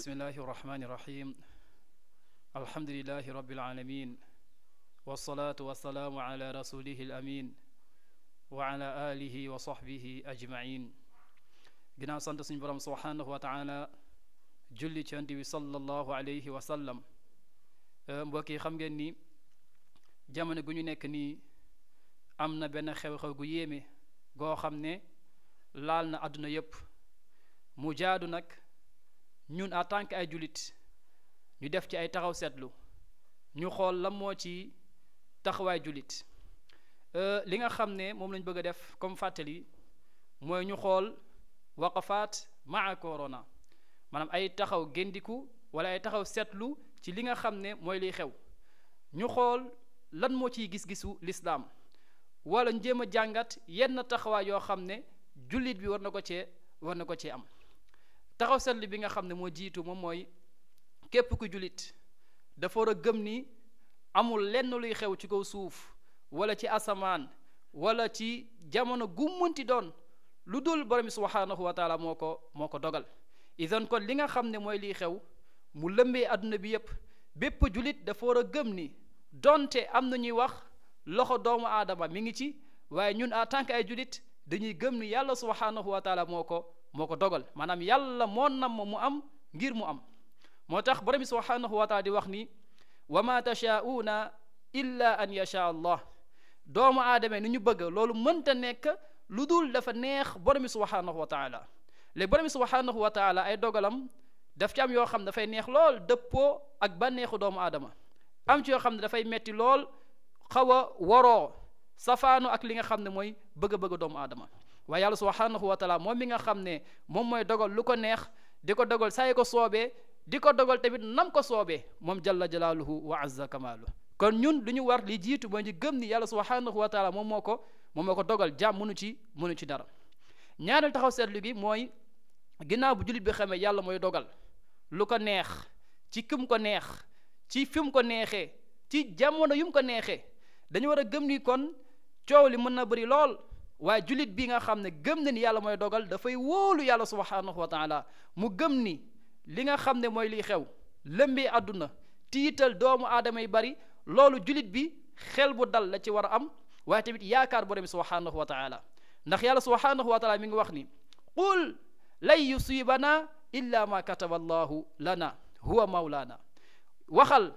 بسم الله الرحمن الرحيم الحمد لله رب العالمين والصلاة والسلام على رسوله الأمين وعلى آله وصحبه أجمعين جنا سنت سن برام سبحانه وتعالى julli ci yonent bi sallallahu alayhi wa sallam eh, mbokk yi xam ngeen ni jamono gu ñu nekk nii am na benn xew-xew gu yéeme goo xam ne laal na àdduna yépp mu jaadu nag ñun en tant que ay jullit ñu def ci ay taxaw seetlu ñu xool lan moo ci taxawaay jullit euh, li nga xam ne moom lañ bëgg a def comme fàttali mooy ñu xool waqafaat maa corona maanaam ay taxaw géndiku wala ay taxaw seetlu ci li nga xam ne mooy liy xew ñu xool lan moo ciy gis-gisu lislaam wala njéem a jàngat yenn taxawaay yoo xam ne jullit bi war na ko cee war na ko cee am taxaw seetlu bi nga xam ne moo jiitu moom mooy képp ku jullit dafa war a gëm ni amul lenn luy xew ci kaw suuf wala ci asamaan wala ci jamono gu mënti doon lu dul borom bi subhaanahu wa taala moo ko moo ko dogal idan kon li nga xam ne mooy liy xew mu lëmbee àdduna bi yépp bépp jullit dafa war a gëm ni donte am na ñuy wax loxo doomu aadama mi ngi ci waaye ñun en tant que ay jullit dañuy gëm ni yàlla subhaanahu wa taala moo ko moo ko dogal maanaam yàlla moo nam mu am ngir mu am moo tax borom bi subhanahu wa taala di wax ni wa ma tashaauna illa an yasha allah doomu aadama ni ñu bëgg loolu mënta nekk lu dul dafa neex borom bi subhanahu wa taala léegi borom bi ay dogalam daf ci am yoo xam ne dafay neex lool dëppoo ak bànneexu doomu aadama am ci yoo xam ne dafay metti lool xaw a waroo safaanu ak li nga xam ne mooy bëgg-bëgg doomu aadama waaye yàlla subhanahu wa taala moom mi nga xam ne moom mooy dogal lu ko neex di ko dogal saa yi ko soobee di ko dogal tamit nam ko soobee moom jalla jalaaluhu wa azza kamaalu kon ñun lu ñu war li jiitu mooy ji gëm ni yàlla subhanahu wa taala moom moo ko moom ko dogal jàmm mënu ci mënu ci dara ñaareel taxaw seetlu gi mooy ginnaaw bu jullit bi xamee yàlla mooy dogal lu ko neex ci kim ko neex ci fi ko neexee ci jamono yu mu ko neexee dañu war a gëm ni kon coow li mën na bëri lool waaye jullit bi nga xam ne gëm na ni yàlla mooy dogal dafay wóolu yàlla subhaanahu wa taala mu gëm ni li nga xam ne mooy liy xew lëmbee àdduna tiital doomu aadama yi bari loolu jullit bi xel bu dal la ci war a am waaye tamit yaakaar borom subhaanahu wa taala ndax yàlla subhaanahu wa taala mi ngi wax ni qul lan yusiibanaa illa ma kataba allahu lana huwa mawlaana waxal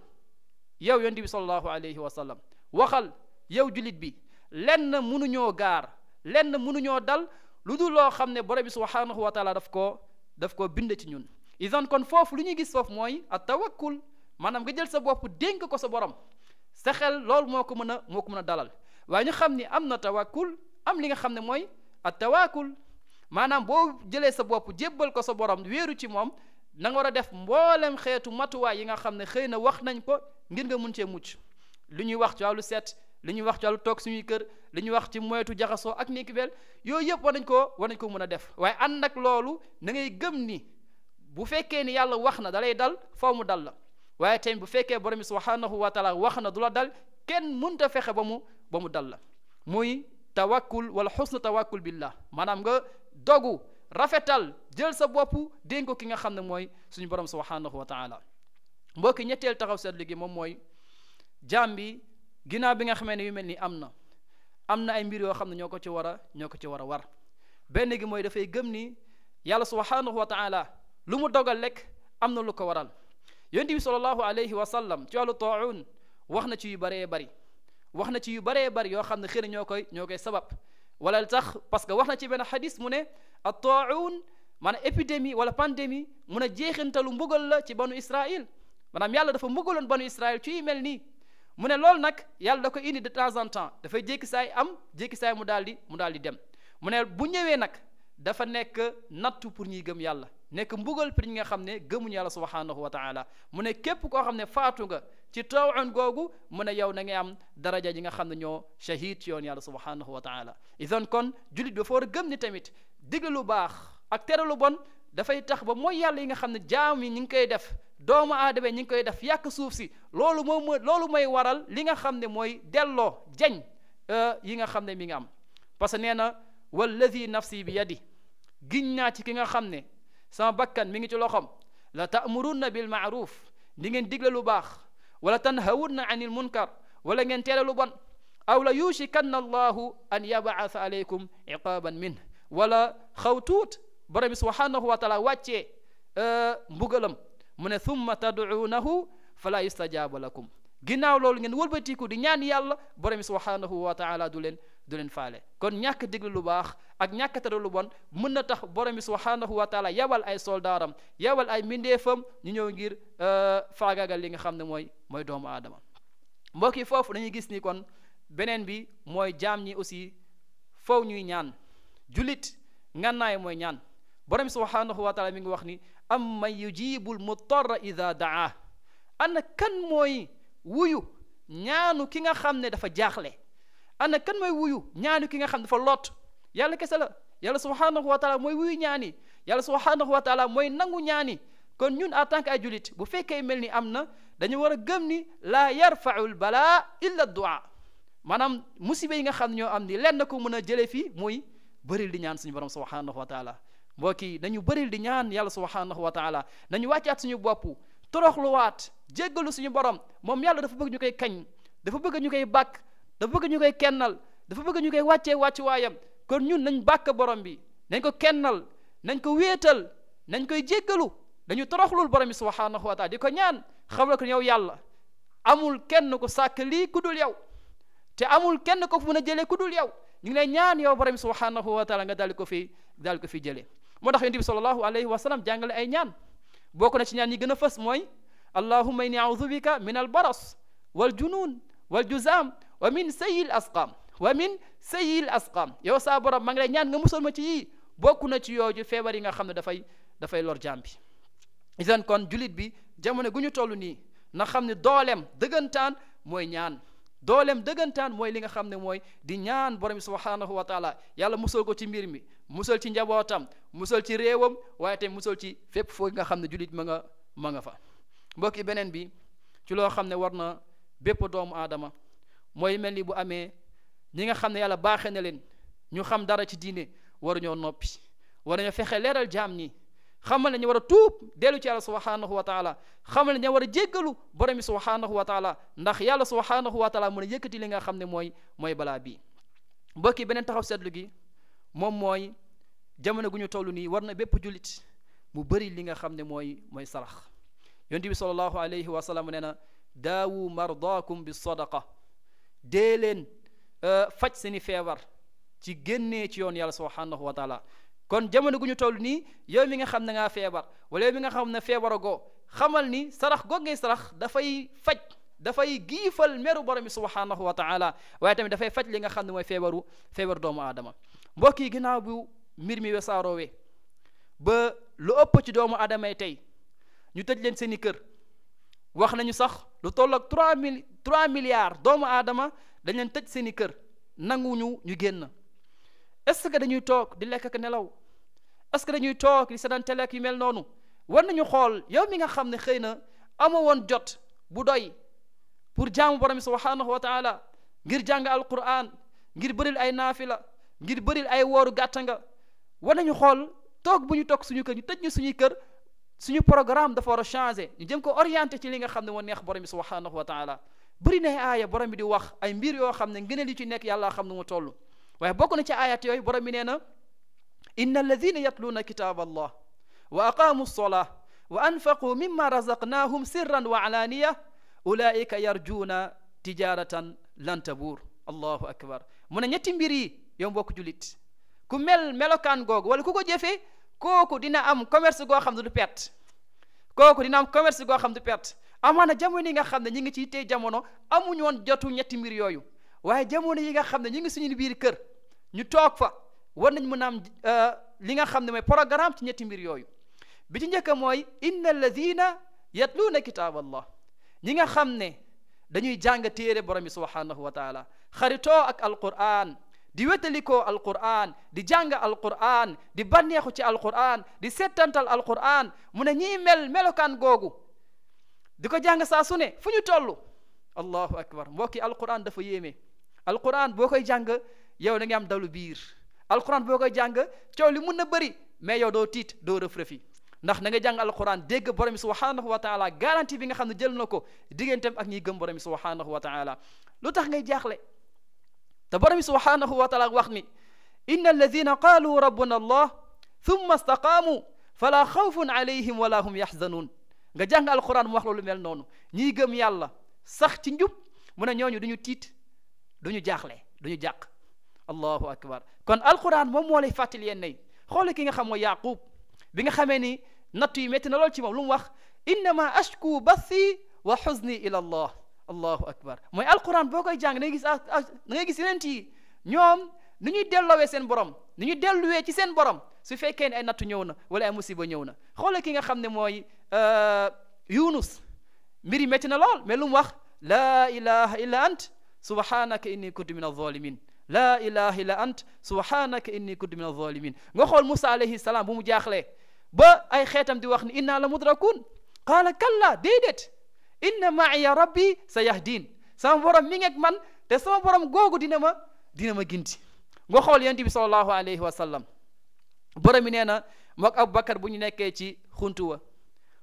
yow yonent bi sallallahu wa sallam waxal yow jullit bi lenn mënuñoo gaar lenn mënuñoo dal lu dul loo xam ne borom bi subhaanahu wa taala daf koo daf koo bind ci ñun isan kon foofu lu ñuy gis foofu mooy a tawakkul maanaam nga jël sa bopp dénk ko sa borom sa loolu moo ko mën a moo ko a dalal waaye ñu xam ni am na tawakkul am li nga xam ne mooy a tawakkul maanaam boo jëlee sa bopp jébbal ko sa borom wéeru ci moom nanga war a def mboolem xeetu matuwaay yi nga xam ne xëy na wax nañ ko ngir nga mun cee mucc lu ñuy wax ci wàllu seet li ñuy wax ci wàllu toog suñuy kër li ñuy wax ci moytu jaxasoo ak nekki bel yooyu yëpp war nañ koo war nañ ko mën a def waaye ànd nag loolu na ngay gëm ni bu fekkee ni yàlla wax na dalay dal faw mu dal la waaye bu fekkee borom bi subhanahu wa taala wax na du la dal kenn mënta fexe ba mu ba mu dal la muy tawakkul wala xusna tawakkul billah maanaam nga dogu rafetal jël sa bopp dénk ko ki nga xam ne mooy suñu borom subhanahu wa taala mbokki ñetteel taxaw seetlu gi moom mooy jaam ginnaaw bi nga xamee ne yu mel ni am na am na ay mbir yoo xam ne ñoo ko ci war a ñoo ko ci war a war benn gi mooy dafay gëm ni yàlla subhanahu wa taala lu mu dogal lekk am na lu ko waral yonent bi sallallahu alayhi wa sallam ci wàllu taaun wax na ci yu baree bari wax na ci yu baree bari yoo xam ne xëy na ñoo koy ñoo koy sabab wala li tax parce que wax na ci benn xadis mu ne a taaun maanaam épidémie wala pandémie mu a jeexintalu mbugal la ci banu Israil maanaam yàlla dafa mbugaloon mu ne loolu nag yàlla da ko indi de temps en temps dafay jékki saay am jékki saay mu daal di mu daal di dem mu ne bu ñëwee nag dafa nekk nattu pour ñuy gëm yàlla nekk mbugal pour ñi nga xam ne gëmuñu yàlla subhanahu wa taala mu ne képp koo xam ne faatu nga ci an googu mu ne yow na ngay am daraja yi nga xam ne ñoo shahid ci yoon yàlla subhanahu wa taala idan kon jullit dafa war a gëm ni tamit digle lu baax ak tere lu bon dafay tax ba mooy yàlla yi nga xam ne jaam yi ñu ngi koy def doomu aadama ñu ngi koy def yàq suuf si loolu moom mooy loolu mooy waral li nga xam ne mooy delloo jañ euh, yi nga xam ne mi nga am parce que nee na wallazi nafsi bi yadi giñ naa ci ki nga xam ne sama bakkan mi ngi ci loxoom la ta'murunna bil ma'ruf di ngeen digle lu baax wala tanhawunna an munkar wala ngeen teele lu bon aw la yushikanna allahu an yabaasa aleykum iqaban min wala xaw borom bi subhanahu wa taala wàccee euh, mbugalam mu ne thumma tad'uunahu fala yustajaabu lakum ginnaaw loolu ngeen walbatiku di ñaan yàlla borom bi subhanahu wa taala du leen du leen faale kon ñàkk déglu lu baax ak ñàkk tere lu bon mën na tax borom bi subhanahu wa taala yabal ay soldaaram yabal ay mbindeefam ñu ñëw ngir euh, faagaagal li nga xam ne mooy mooy doomu aadama mbokk yi foofu dañuy gis nii kon beneen bi mooy jaam ñi aussi faw ñuy ñaan jullit ngannaay mooy ñaan borom subhaanahu wa taala mi ngi wax ni am man yujibul mutarra ida daa ana kan mooy wuyu ñaanu ki nga xam ne dafa jaaxle ana kan mooy wuyu ñaanu ki nga xam ne dafa lot yàlla kese la yàlla subhaanahu wa taala mooy wuyu ñaani yàlla subhaanahu wa taala mooy nangu ñaani kon ñun en tant que ay bu fekkee mel ni am na dañu war a gëm ni laa yarfaul balaa illa duaa maanaam musiba yi nga xam ne ñoo am ni lenn ko mën a jëlee fii muy bëri di ñaan suñu borom subhaanahu wa mbokk yi nañu bëril di ñaan yàlla subhanahu wa taala nañu wàccaat suñu boppu bopp toroxluwaat jéggalu suñu borom moom yàlla dafa bëgg ñu koy kañ dafa bëgg ñu koy bàkk dafa bëgg ñu koy kennal dafa bëgg ñu koy wàccee wàccu waayam kon ñun nañ bàkk borom bi nañ ko kennal nañ ko wéetal nañ koy jéggalu dañu toroxlul borom bi subhanahu wa taala di ko ñaan xamla ko yow yàlla amul kenn ko sàkk lii ku dul yow te amul kenn ko fu mën a jëlee ku dul yow ñu ngi lay ñaan yow borom bi subhanahu wa taala nga daal ko fi daal ko fi jëlee moo tax yonent bi sallallahu alayhi wa sallam jàngale ay ñaan bokk na ci ñaan yi gën a fës mooy allahumma inni a'udhu bika min al baras wal junun wal juzam wa min sayil asqam wa min sayil askam yow saa borom maa ngi ñaan nga musal ma ci yii bokk na ci yooju feebar yi nga xam ne dafay dafay lor jaam bi kon julit bi jamono gu ñu toll nii na xam ne dooleem dëggantaan mooy ñaan dooleem dëggantaan mooy li nga xam ne mooy di ñaan borom subhaanahu wa wataala yàlla musal ko ci mbir mi musal ci njabootam musal ci réewam waaye tamit musal ci fépp foo nga xam ne jullit ma nga ma nga fa mbokki beneen bi ci loo xam ne war na bépp doomu aadama mooy mel ni bu amee ñi nga xam ne yàlla baaxe na leen ñu xam dara ci diine waruñoo noppi war waruñoo fexe leeral jaam ñi xamal na ñu war a tuub delu ci yàlla subhaanahu wa taala xamal ne ñu war a jéggalu borom bi subhaanahu wa ndax yàlla subhaanahu wa taala mën a yëkkati li nga xam ne mooy mooy balaa bii mbokki beneen taxaw seetlu gi moom mooy jamono gu ñu toll nii war na bépp jullit mu bari li nga xam ne mooy mooy sarax yonent bi sallallahu alayhi wa nee na daawu mardaakum bi sadaqa dee leen euh, faj seeni feebar ci génnee ci yoon yàlla subhaanahu wa kon jamono gu ñu toll nii yow mi nga xam ne ngaa feebar wala yow mi nga xam ne feebaragoo xamal ni sarax goog ngay sarax dafay faj dafay giifal meru borom bi subhaanahu wa taala waaye tamit dafay faj li nga xam ne mooy feebaru feebar doomu aadama mbokk yi ginnaaw bu mbir mi weesaaroowee ba lu ëpp ci doomu aadama yi tey ñu tëj leen seeni kër wax nañu sax lu toll ak trois mille trois milliards doomu aadama dañ leen tëj seeni kër nanguñu ñu génn est-ce que dañuy toog di lekk nelaw parce que dañuy toog di seetaan télé ak yu mel noonu war nañu xool yow mi nga xam ne xëy na amoo woon jot bu doy pour jaamu borom subhanahu wa taala ngir jàng alquran ngir bëril ay naafila ngir bëril ay wooru gàtta nga war nañu xool toog bu ñu toog suñu kër ñu tëj ñu suñuy kër suñu programme dafa war a changé ñu jëm ko orienté ci li nga xam ne moo neex borom bi subhanahu wa taala bëri na borom bi di wax ay mbir yoo xam ne ngëneel yi ci nekk yàlla xam ne mu toll waaye bokk na ci aayat yooyu borom bi nee na إن الذين يتلون كتاب الله وأقاموا الصلاة وأنفقوا مما رزقناهم سرا وعلانية أولئك يرجون تجارة lan tabuur allahu akbar mu ne ñetti mbir yi yow mbokk jullit ku mel melokaan googu wala ku ko jëfee kooku dina am commerce goo xam ne du kooku dina am goo xam du perte amaana jamono yi nga xam ne ñi ngi ci tey jamono amuñu woon jotu ñetti mbir yooyu waaye jamono yi nga xam ne ñi ngi suñu biir kër ñu toog fa war nañ mën a am euh, li nga xam ne mooy programme ci ñetti mbir yooyu bi ci njëkk mooy inna alladina yatluuna kitaab allah ñi nga xam ne dañuy jàng téere borom bi subhanahu wa taala xaritoo ak alquran di wétalikoo alquran di jàng alquran di banneexu ci alquran di settantal alquran mu ne ñiy mel melokaan googu di ko jàng saa su ne fu ñu toll allahu akbar mbokki alquran dafa yéeme alquran boo koy jàng yow da nga am dalu biir alxuraan boo koy jàng coow li mun na bëri mais yow doo tiit doo rëf rëfi ndax na nga jàng alxuraan dégg borom subhaanahu wa taala garantie bi nga xam ne jël na ko digganteem ak ñiy gëm borom subhaanahu wa taala lu tax ngay jaaxle te borom subhaanahu wa taala wax ni inna alladina qaalu rabbuna allah thumma istaqaamu fala xawfun alayhim wala hum yaxzanuun nga jàng alxuraan mu wax loolu mel noonu ñiy gëm yàlla sax ci njub mu ne ñooñu duñu tiit duñu jaaxle duñu jàq allahu akbar kon alquran moom moo lay fàttali yenn xoole ki nga xam mooy yaqub bi nga xamee ni natt yi métti na lool ci moom lu mu wax innama ashku bathi wa xuzni ila allah allahu akbar mooy alquran boo koy jàng da ngay gis da ngay gis yeneen ñoom ni ñuy delloowee seen borom ni ñuy delluwee ci seen borom su fekkee ne ay nattu ñëw na wala ay musiba ñëw na xoole ki nga xam ne mooy euh, yunus mbir yi métti na lool mais lu mu wax laa ilaha illa ant subhanaka inni kuntu min alzalimin laa ilaha la ant subhanaka inni kuntu min alzalimin nga xool Moussa alayhi salaam bu mu jaaxlee ba ay xeetam di wax ni inna la mudrakun qaala kalla déedéet inna maaya rabbi sa yahdin sama borom mi ngeeg man te sama borom googu dina ma dina ma ginti nga xool yonent bi sallallahu alayhi wa sallam borom mi nee na mook Aboubacar bu ñu nekkee ci xuntu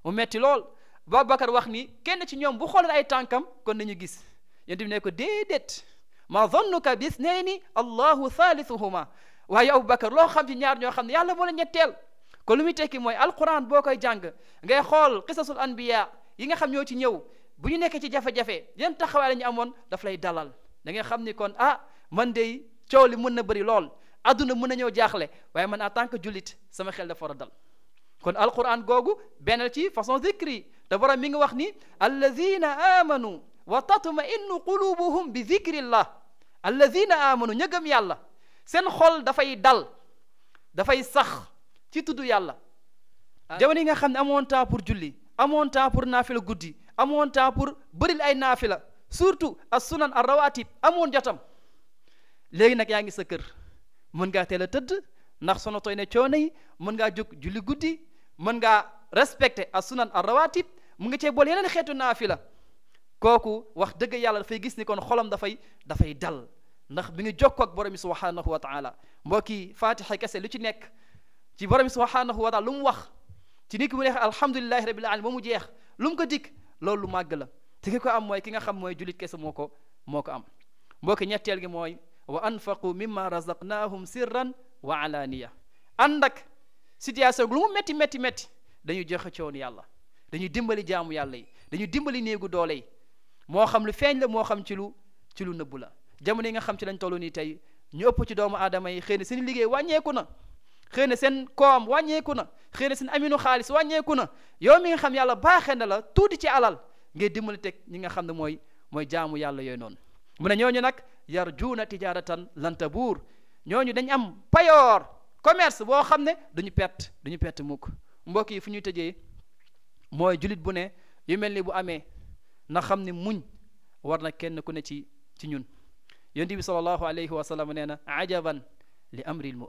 mu metti lool ba Aboubacar wax ni kenn ci ñoom bu xoolal ay tànkam kon nañu gis yonent bi ne ko déedéet ma zannuka bis nayni allahu thalithuhuma waaye aboubacar loo xam ci ñaar ñoo xam ne yàlla moo la ñetteel ko lu muy tekki mooy alquran boo koy jàng ngay xool qisasul anbiya yi nga xam ñoo ci ñëw bu ñu nekkee ci jafe-jafe yan taxawaay la ñu amoon daf lay dalal da ngay xam ni kon ah man de coow li mën na bëri lool adduna mën na ñëw jaaxle waaye man en tant que jullit sama xel dafa war dal kon alquran googu benn ci façon zikri te borom mi ngi wax ni alladina amanu wa tatma innu qulubuhum bi zikrillah alladina amanu ña gëm yàlla seen xol dafay dal dafay sax ci tudd yàlla ah. jamono yi nga xam ne amoon temps pour julli amoon temps pour naafila guddi amoon temps pour bëril ay naafila surtout as sunan ar rawatib amoon jotam léegi nag yaa ngi sa kër mën ngaa teel a tëdd ndax sono toy ne coono yi mën ngaa jóg julli guddi mën ngaa respecté as sunan ar rawatib mu nga cee boole yeneen xeetu naafila kooku wax dëgg yàlla dafay gis ni kon xolam dafay dafay dal ndax mi ngi jokkoo ak borom bi subhanahu wa taala mbokk yi fatiha kese lu ci nekk ci borom bi subhanahu wa taala lu mu wax ci nit ki mu neex alhamdulilahi rabil alamin ba mu jeex lu mu ko dikk loolu lu màgg la te ki ko am mooy ki nga xam mooy jullit kese moo ko moo ko am mbokk ñetteel gi mooy wa anfaqu mimma razaqnahum sirran wa alaaniya ànd ak situation lu mu métti métti métti dañuy joxe ci yàlla dañuy dimbali jaamu yàlla yi dañuy dimbali néegu doole moo xam lu feeñ la moo xam ci lu ci lu nëbbu la jamono yi nga xam ci lañ toll nii tey ñu ëpp ci doomu aadama yi xëy na seen liggéey wàññeeku na xëy na seen koom wàññeeku na xëy na seen aminu xaalis wàññeeku na yow mi nga xam yàlla baaxee na la tuuti ci alal ngay dimbali teg ñi nga xam ne mooy mooy jaamu yàlla yooyu noonu mu ne ñooñu nag yarjuuna tijaaratan lan tabuur ñooñu dañ am payoor commerce boo xam ne duñu perte duñu perte mukk mbokk yi fu ñuy tëjee mooy julit bu ne yu mel ni bu amee na xam ne muñ war na kenn ku ne ci ci ñun yonent bi sallallahu alayhi wa sallam nee na ajaban li amri mu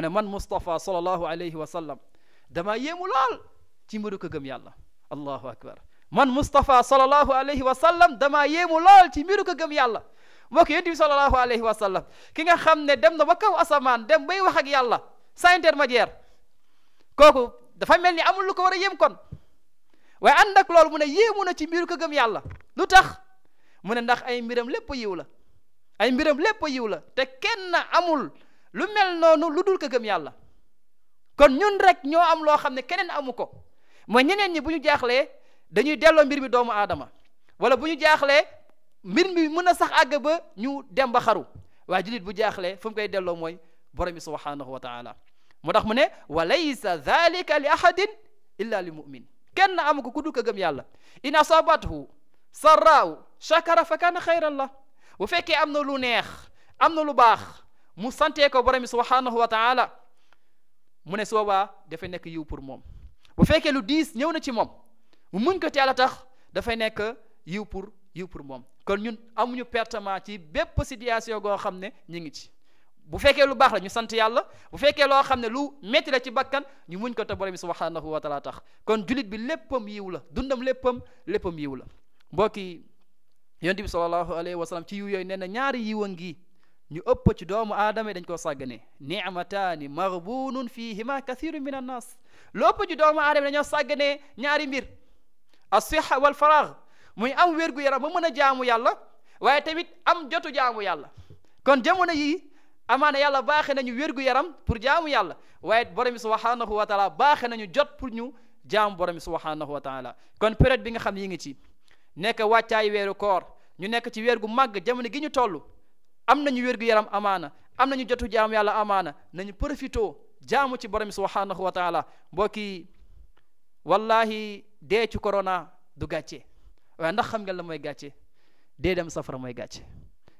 ne man Moustapha sallallahu alayhi wa sallam damaa yéemu lool ci mbiru ko gëm yàlla allahu man Moustapha sallallahu alayhi wa yéemu lool ci mbiru ko gëm yàlla mbokk yonent alayhi wa sallam ki nga xam ne dem na ba kaw asamaan dem bay wax ak yàlla sans intermédiaire kooku dafa mel ni amul lu war a yéem kon waaye ànd ak lool mu ne yéemu na ci mbiru ko gëm yàlla lu tax mu ne ndax ay mbiram lépp yiw la ay mbiram lépp yiw la te kenn amul lu mel noonu lu dul ko gëm yàlla kon ñun rek ñoo am loo xam ne keneen amu ko mooy ñeneen ñi bu ñu jaaxlee dañuy delloo mbir mi doomu aadama wala bu ñu jaaxlee mbir mi mën a sax àgg ba ñu demba xaru waa jullit bu jaaxlee fu mu koy delloo mooy borom bi subhanahu wa taala moo tax mu ne wa laysa dhalika li ahadin illa li mu'min kenn amu ko ku dul ko gëm yàlla in asabathu sarraaw shakara fa kaana xayran la bu fekkee am na lu neex am na lu baax mu santee ko borom bi subhanahu wa taala mu ne soobaa dafay nekk yiw pour moom bu fekkee lu diis ñëw na ci moom mu muñ ko teel a tax dafay nekk yiw pour yiw pour moom kon ñun amuñu pertement ci bépp situation goo xam ne ñu ngi ci bu fekkee lu baax la ñu sant yàlla bu fekkee loo xam ne lu métti la ci bakkan ñu muñ ko te borom bi subhanahu wa taala tax kon julit bi léppam yiw la dundam léppam léppam yiw la mbokki yonent bi sallallahu alayhi wa sallam ci yiw yooyu nee na ñaari yiwa ngi ñu ëpp ci doomu aadama yi dañ koo sàggane nicmataani maghbunun fihima kathiru min annas lu ëpp ci doomu aadama yi dañoo sàgganee ñaari mbir asiha wal faragh muy am wér yaram ba mën a jaamu yàlla waaye tamit am jotu jaamu yàlla amaana yàlla baaxe nañu wérgu yaram pour jaamu yàlla waaye borom bi subhanahu wa taala baaxe nañu jot pour ñu jaamu borom bi subhanahu wa taala kon période bi nga xam yi ngi ci nekk wàccaay weeru koor ñu nekk ci weer gu màgg jamono gi ñu toll am nañu wérgu yaram amaana am nañu jotu jaamu yàlla amaana nañu profito jaamu ci borom bi subhanahu wa taala mbokki wallahi dee ci corona du gàcce waaye ndax xam nga la mooy gàcce dee dem safara mooy gàcce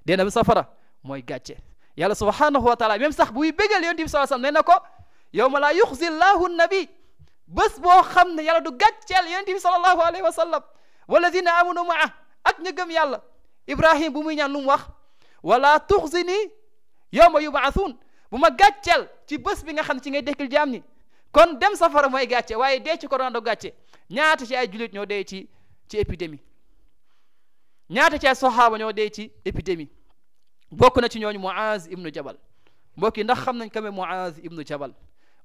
dee safara mooy gàcce yàlla subhanahu wa taala même sax buy bégal yonent bi sallallahu alayhi wasallam na ko yawma laa yuxzi llahu nabi bés boo xam ne yàlla du gàcceel yonent bi sallallahu alayhi wa sallam walladina amanu maa ak ñu gëm yàlla ibrahim bu muy ñaan lu mu wax wala tuxzini yawma yubaathuun bu ma gàcceel ci bés bi nga xam ci ngay dekkil jaam ñi kon dem safara mooy gàcce waaye dee ci corona do gàcce ñaata ci ay jullit ñoo dee ci ci épidémie ñaata ci ay soxaaba ñoo dee ci épidémie bokk na ci ñooñu Muaz ibnu Jabal mbokk yi ndax xam nañ kame Muaz ibnu Jabal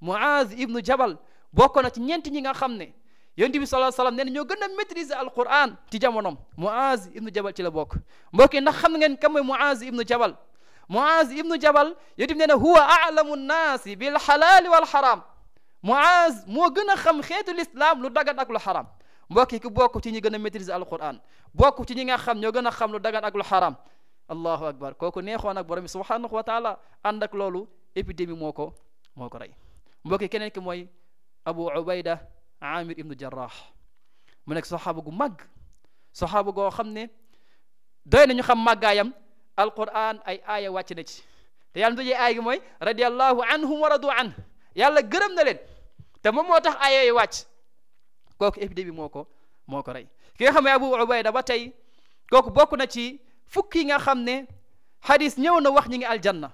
Muaz ibnu Jabal bokk na ci ñeent ñi nga xam ne yonent bi sallallahu alayhi wasallam nee na ñoo gën a maîtriser alquran ci jamonom Muaz ibnu Jabal ci la bokk mbokk yi ndax xam ngeen kame Muaz ibnu Jabal Muaz ibnu Jabal yonent bi nee na huwa a'lamu nnaasi bil xalaali wal xaraam Muaz moo gën a xam xeetu lislaam lu dagan ak lu xaraam mbokk yi bokk ci ñi gën a maîtriser alquran bokk ci ñi nga xam ñoo gën a xam lu dagan ak lu xaraam allahu akbar kooku neexoon ak borom bi subhanahu wa taala ànd ak loolu épidémie moo ko moo ko rey mbokki keneen ki mooy abu ubayda amir ibnu jarrah mu nekk saxaaba gu màgg saxaaba goo xam ne doy nañu xam màggaayam alquran ay aaya wàcc na ci te yàlla mu dajee aaya gi mooy radiallahu anhum wa radu an yàlla gërëm na leen te moom moo tax aaya yi wàcc moo ko moo ko rey ki nga xam ne abu ubayda ba tey kooku bokk na ci fukk yi nga xam ne xadis ñëw na wax ñi ngi aljanna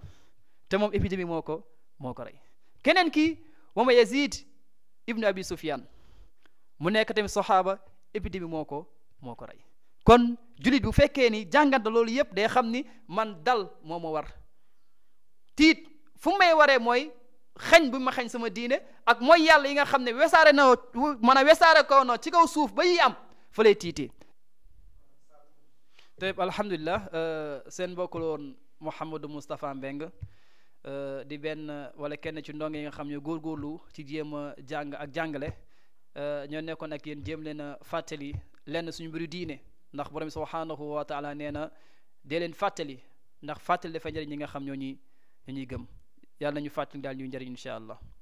te moom épidémie moo ko moo ko rey keneen ki mooma yazid ibnu abi sufyan mu nekk tamit saxaaba épidémie moo ko moo ko rey kon jullit bu fekkee ni jàngat loolu yépp day xam ni man dal moo ma war tiit fu may waree mooy xañ bu ma xañ sama diine ak mooy yàlla yi nga xam ne wesaare na mën a wesaare ko na ci kaw suuf ba yi am fa lay tiitee te alhamdulilah euh, seen mbokk la woon Mouhamadou Moustapha Mbeng euh, di benn wala kenn ci ndonge yi nga xam ne góorlu ci jéem a jàng ak jàngale euh, ñoo nekkoon ak yéen jéem leen a fàttali lenn suñu mbiru diine ndax borom subhaanahu wa taala nee na dee leen fàttali ndax fàttali dafa njëriñ ñi nga xam ñoo ñuy ñuy gëm yàlla ñu fàttali daal ñuy njëriñ incha allah.